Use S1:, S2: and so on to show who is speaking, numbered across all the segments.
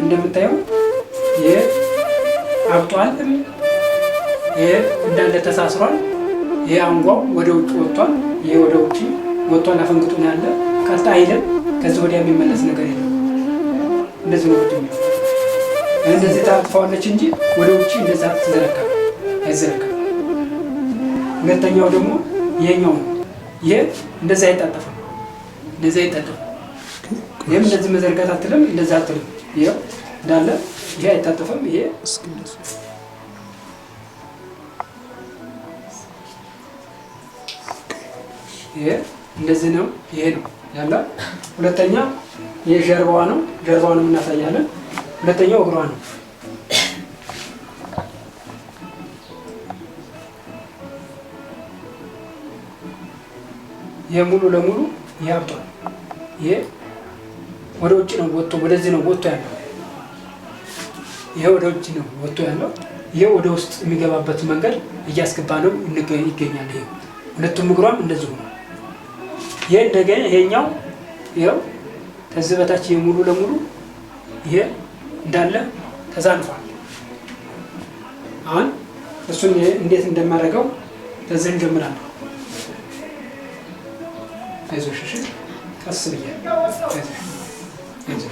S1: እንደምታየው አብጧል። ይሄ እንዳለ ተሳስሯል። ይህ አንጓው ወደ ውጭ ወጥቷል። ይህ ወደ ውጭ ወጥቷል። አፈንግጡ ነው ያለ ቀጥ አይልም። ከዚህ ወዲያ የሚመለስ ነገር የለም። እንደዚህ ነው ወጥቶ እንደዚህ ታጥፋዋለች እንጂ ወደ ውጭ እንደዛ ትዘረካ አይዘረካ። ሁለተኛው ደግሞ ይሄኛው ነው። ይህ እንደዚህ አይጣጠፍም። እንደዚህ አይጣጠፍም። ይህም እንደዚህ መዘርጋት አትልም። እንደዛ አትልም። ይኸው እንዳለ ይሄ አይታጠፍም። ይሄ ይሄ እንደዚህ ነው። ይሄ ነው ያለ። ሁለተኛ ይሄ ጀርባዋ ነው። ጀርባዋንም እናሳያለን። ሁለተኛው እግሯ ነው። ይሄ ሙሉ ለሙሉ ይህ አብጧል። ይሄ ወደ ውጭ ነው ወጥቶ ወደዚህ ነው ወጥቶ ያለው። ይሄ ወደ ውጭ ነው ወጥቶ ያለው። ይሄ ወደ ውስጥ የሚገባበት መንገድ እያስገባ ነው ይገኛል። ይሄ ሁለቱም እግሯም እንደዚሁ ነው። ይሄ እንደገና ይሄኛው ይሄው ከዚህ በታች የሙሉ ሙሉ ለሙሉ ይሄ እንዳለ ተዛንፏል። አሁን እሱን እንዴት እንደማደርገው ከዚህ እንጀምራለን። አይዞሽ፣ ቀስ ብዬ በቅዱስ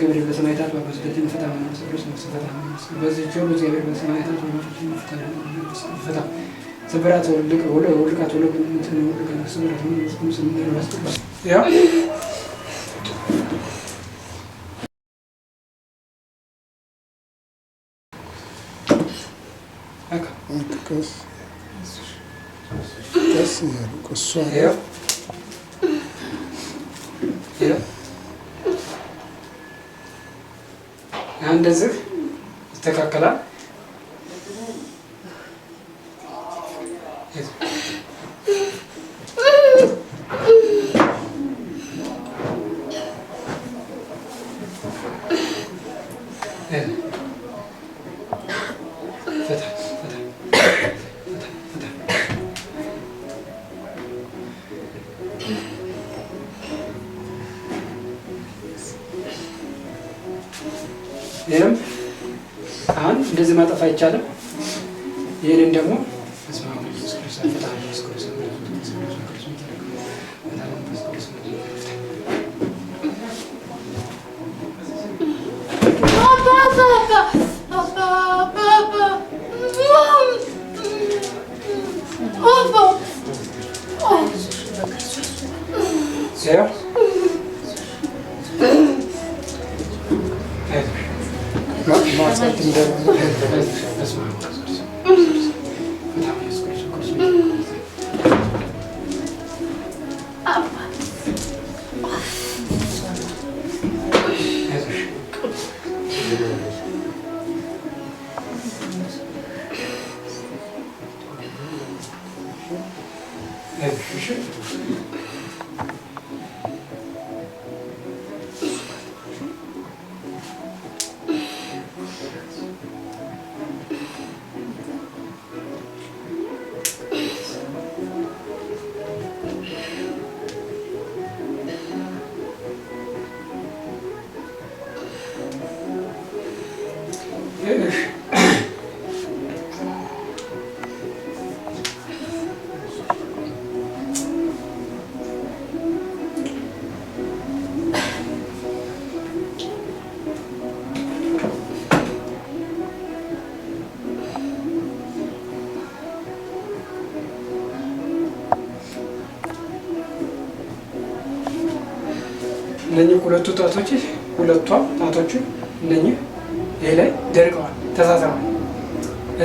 S1: ገብርኤል በሰማዕታት በበዝበትን ፈታ መንፈስ ቅዱስ ፈታ በዚህ ጆሎ እግዚአብሔር በሰማዕታት ፈታ ስብራት ወልቅ ወልቃት ወልቅ ስብራት መንፈስ ቅዱስ É. Kas yariko sonra. እንደዚህ ይስተካከላል። Yeah. ይህም አሁን እንደዚህ ማጠፍ አይቻልም። ይህንን ደግሞ Yeah. Ne düşüşü? እነኚህ ሁለቱ ጣቶች ሁለቷም ጣቶቹ እነኚህ ይሄ ላይ ደርቀዋል፣ ተሳስረዋል።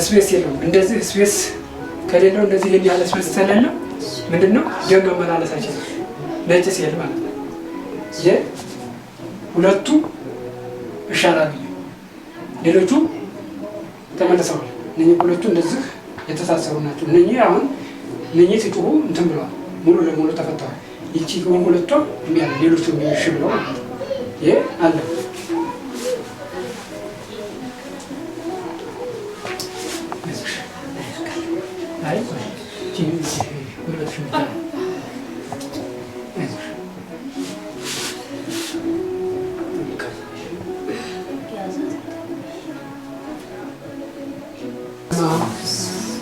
S1: ስፔስ የለውም። እንደዚህ ስፔስ ከሌለው እንደዚህ ይሄን ያህል ስፔስ ስለሌለው ምንድን ነው ደም መመላለስ አይችልም። ነጭ ሲሄድ ማለት ነው። ሁለቱ ይሻላሉ፣ ሌሎቹ ተመልሰዋል። እነኚህ ሁለቱ እንደዚህ የተሳሰሩ ናቸው። እነኚህ አሁን እነኚህ ሲጮሁ እንትን ብለዋል፣ ሙሉ ለሙሉ ተፈተዋል። ይቺ ግን ሁለቷም ሌሎቹ የሚሽም ነው ማለት ነው። ይሄ አለ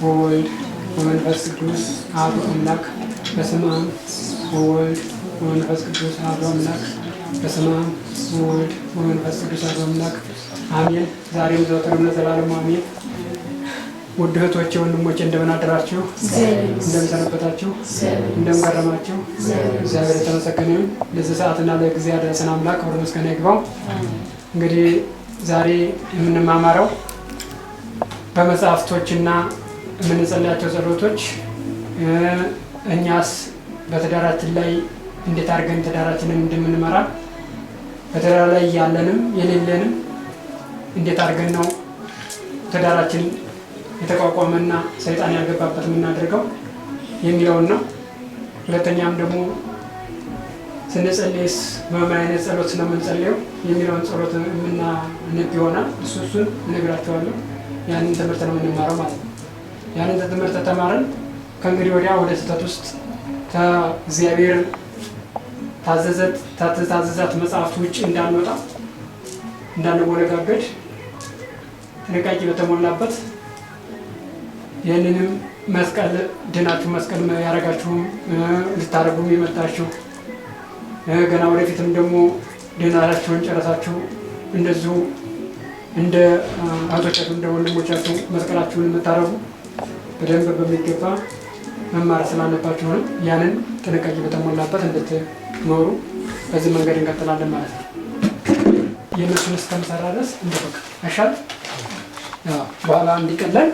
S1: ወወልድ ወመንፈስ ቅዱስ አብ አምላክ በስመ አብ ወወልድ ወመንፈስ ቅዱስ አሐዱ አምላክ በስመ አብ ወወልድ ወመንፈስ ቅዱስ አሐዱ አምላክ አሜን። ዛሬም ዘወትርም ለዘላለሙ አሜን። ውድ እህቶቼ ወንድሞቼ፣ እንደምን አደራችሁ?
S2: እንደምን
S1: ሰነበታችሁ? እንደምን ቀረማችሁ? እግዚአብሔር የተመሰገነ ይሁን። ለዚህ ሰዓትና ለጊዜ ያደረሰን አምላክ ክብር ምስጋና ይግባው። እንግዲህ ዛሬ የምንማማረው በመጽሐፍቶችና የምንጸልያቸው ጸሎቶች እኛስ በትዳራችን ላይ እንዴት አድርገን ትዳራችንን እንደምንመራ በትዳር ላይ ያለንም የሌለንም እንዴት አድርገን ነው ትዳራችን የተቋቋመና ሰይጣን ያልገባበት የምናደርገው የሚለውን ነው። ሁለተኛም ደግሞ ስንጸልይስ በምን አይነት ጸሎት ስለምንጸልየው የሚለውን ጸሎት የምናነብ ይሆናል። እሱ እሱን እነግራቸዋለሁ። ያንን ትምህርት ነው የምንማረው ማለት ነው። ያንን ትምህርት ተማረን ከእንግዲህ ወዲያ ወደ ስህተት ውስጥ ከእግዚአብሔር ታዘዛት መጽሐፍት ውጭ እንዳንወጣ እንዳንወረጋገድ ጥንቃቄ በተሞላበት ይህንንም መስቀል ድናችሁ መስቀል ያደረጋችሁ ልታደርጉ የመጣችሁ ገና ወደፊትም ደግሞ ድናላችሁን ጨረሳችሁ እንደዚሁ እንደ እህቶቻችሁ እንደ ወንድሞቻችሁ መስቀላችሁን የምታደርጉ በደንብ በሚገባ መማር ስላለባችሁንም ያንን ጥንቃቄ በተሞላበት እንድትኖሩ በዚህ መንገድ እንቀጥላለን ማለት ነው። የእነሱን እስከምሰራ ድረስ እንደበቃ አይሻልም በኋላ እንዲቀለን